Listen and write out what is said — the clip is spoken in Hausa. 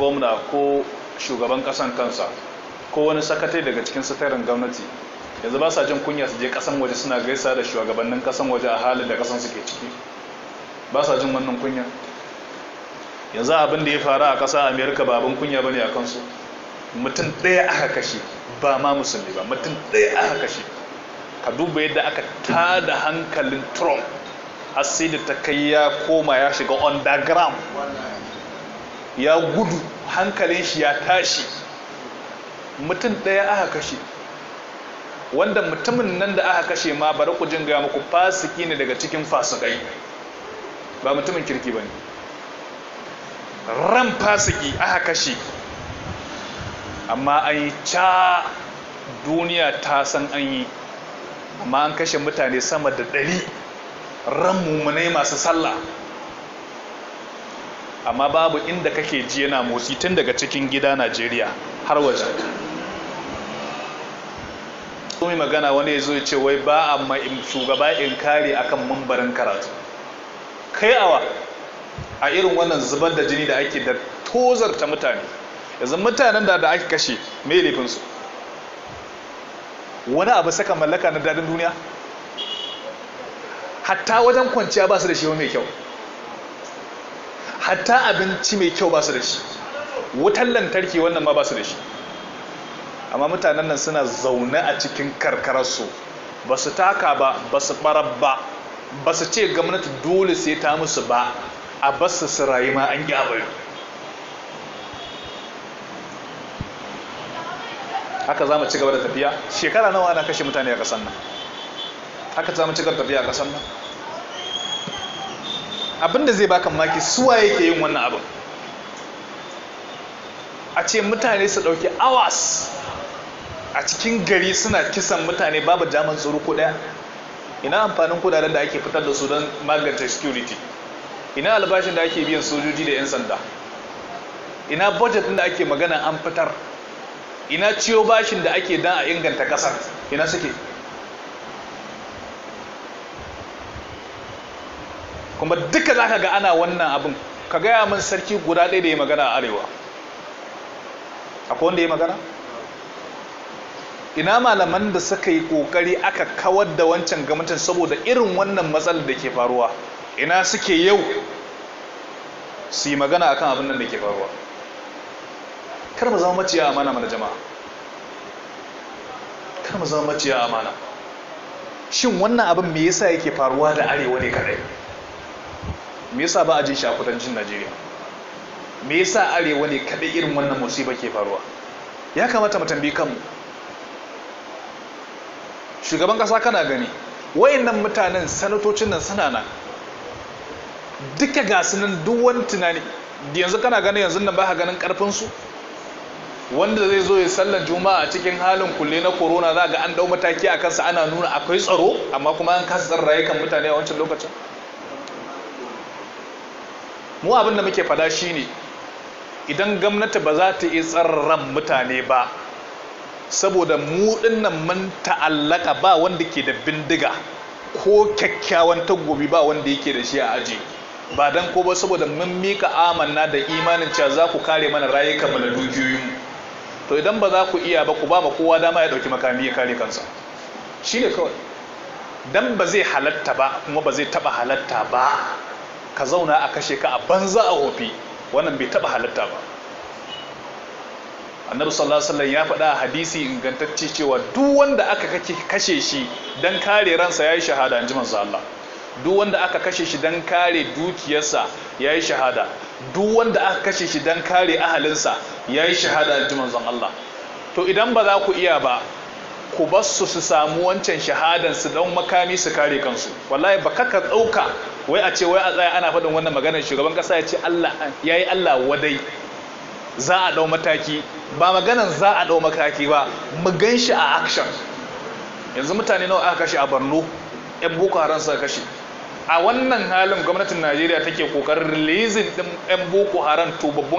gwamna ko shugaban kasan kansa ko wani sakatai daga cikin satarin gwamnati yanzu ba sa jin kunya su je kasan waje suna gaisa da shugabannin kasan waje a halin da kasan suke ciki ba sa jin wannan kunya yanzu abin da ya faru a ƙasa amerika ba abin kunya ba ne a kansu mutum ɗaya aka kashe ba ma musulmi ba mutum ɗaya aka kashe ka duba yadda aka tada hankalin trump har sai da ta kai ya koma ya shiga underground ya gudu hankalin shi ya tashi mutum ɗaya aka kashe wanda mutumin nan da aka kashe ma bari ku jin gaya muku fasiki ne daga cikin fasikai ba mutumin kirki ba ne ran fasiki aka kashe amma an yi ca duniya ta san an yi amma an kashe mutane sama da ɗari ran mummunai masu sallah amma babu inda kake ji yana motsi tun daga cikin gida najeriya har waje mai magana wani ya zo ya ce wai ba amma shugaba in kare akan mambarin karatu kai awa a irin wannan zubar da jini da ake da tozarta mutane yanzu mutanen da da ake kashe mai laifinsu wani abu saka mallaka na dadin duniya hatta wajen kwanciya ba su da shi mai kyau hatta abinci mai kyau ba su da shi wutan lantarki wannan ma ba su da shi amma mutanen nan suna zaune a cikin karkararsu ba su taka ba ba su ɓarar ba ba su ce gwamnati dole sai ta musu ba a ba su rayu ma an gyabayo haka za mu ci gaba da tafiya shekara nawa na kashe mutane a ƙasar nan haka za mu ci gaba da tafiya a ƙasar nan Abin da zai baka maki suwa yake yin wannan abin a ce mutane su ɗauki awas. a cikin gari suna kisan mutane babu jaman tsoro ko ɗaya ina amfanin kudaden da ake fitar da su don magance security ina albashin da ake biyan sojoji da 'yan sanda ina budget da ake magana an fitar ina ciwo bashin da ake dan a inganta kasar ina suke kuma duka za ka ga ana wannan abin ka gaya min sarki guda ɗaya da ya magana a arewa akwai wanda ya magana ina malaman da suka yi ƙoƙari aka kawar da wancan gwamnatin saboda irin wannan matsalar da ke faruwa ina suke yau su yi magana akan abin nan da ke faruwa kar mu zama maciya amana mana jama'a kar mu zama maciya amana shin wannan abin me yasa yake faruwa da arewa ne kadai me yasa ba a jin shi a kudancin najeriya me yasa arewa ne kaɗai irin wannan musiba ke faruwa ya kamata mu tambayi kanmu shugaban ƙasa kana gani wayannan mutanen sanatocin nan suna nan duka ga su nan duk wani tunani yanzu kana gani yanzu nan ba ka ganin karfin su wanda zai zo ya sallar juma'a cikin halin kulle na corona za ga an dau mataki a kansa ana nuna akwai tsaro amma kuma an kasa tsara rayukan mutane a wancan lokacin mu abin da muke fada shine idan gwamnati ba za ta iya tsarran mutane ba saboda mu dinnan mun ta'allaka ba wanda ke da bindiga ko kyakkyawan tagobi ba wanda yake da shi a aji ba dan ko ba saboda mun mika amanna da imanin cewa za ku kare mana rayuka mu da to idan ba za ku iya ba ku ba ma kowa dama ya dauki makami ya kare kansa shine kawai dan ba zai halatta ba kuma ba zai taba halatta ba ka zauna a kashe ka a banza a hofi wannan bai taba halatta ba annabi sallallahu alaihi wasallam ya faɗa hadisi ingantacce cewa duk wanda aka kashe shi dan kare ransa yayi shahada inji manzo Allah duk wanda aka kashe shi dan kare dukiyarsa yayi shahada duk wanda aka kashe shi dan kare ahalinsa yayi shahada inji manzo Allah to idan ba za ku iya ba ku bar su su samu wancan shahadan su dan makami su kare kansu wallahi ba kaka dauka wai a ce wai a tsaya ana faɗin wannan maganar shugaban ƙasa ya ce Allah ya yi Allah wadai za a ɗau mataki ba maganar za a ɗau mataki ba mu gan shi a action yanzu mutane nawa aka kashe a Borno ƴan boko haram suka kashe a wannan halin gwamnatin Najeriya take kokarin releasing ɗin ƴan boko haram to